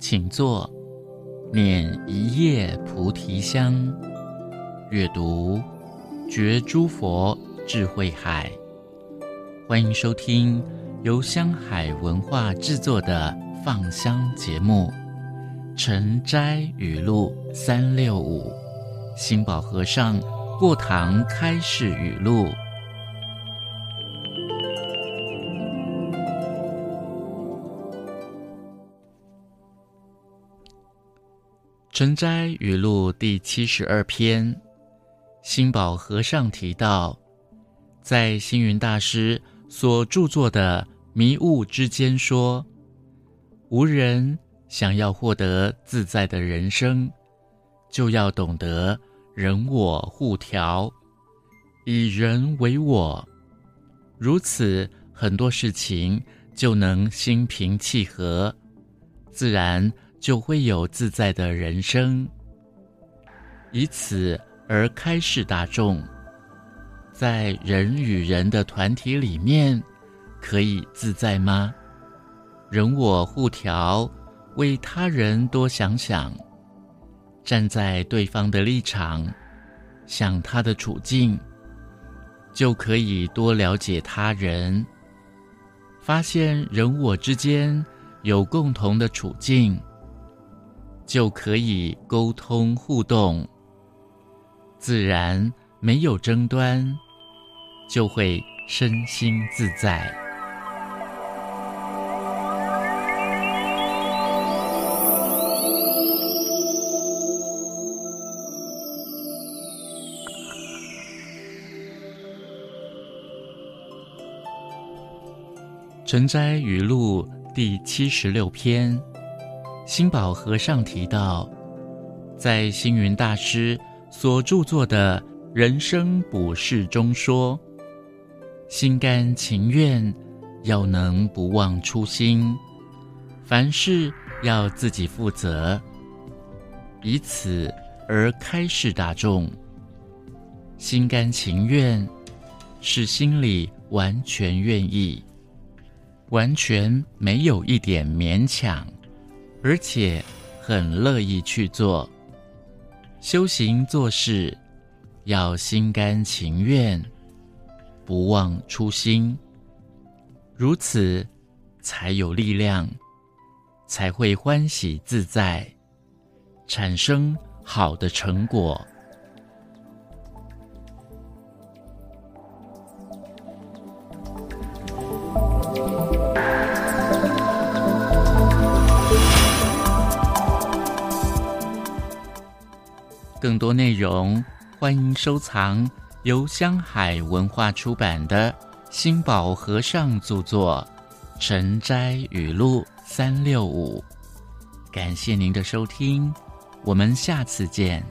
請坐，捻一葉菩提香，閱讀覺諸佛智慧海。歡迎收聽由香海文化製作的放香節目《晨齋語錄》三六五，心保和尚過堂開示語錄。晨齋語錄》第七十二篇，心保和尚提到，在星雲大師所著作的《迷悟之間》說，無人想要獲得自在的人生，就要懂得人我互調，以人為我，如此很多事情就能心平氣和，自然。就會有自在的人生，以此而開示大眾，在人與人的團體裡面，可以自在嗎？人我互調，為他人多想想，站在對方的立場，想他的處境，就可以多了解他人，發現人我之間有共同的處境。就可以溝通互動，自然沒有爭端，就會身心自在。晨齋語錄第七十六篇。心保和尚提到，在星雲大師所著作的《人生補釋》中說：“心甘情願，要能不忘初心，凡事要自己負責，以此而開示大眾。心甘情願，是心裡完全願意，完全沒有一點勉強。”而且，很樂意去做。修行做事，要心甘情願，不忘初心，如此才有力量，才會歡喜自在，產生好的成果。更多內容，歡迎收藏由香海文化出版的《心保和尚著作·晨齋語錄》三六五。感謝您的收聽，我們下次見。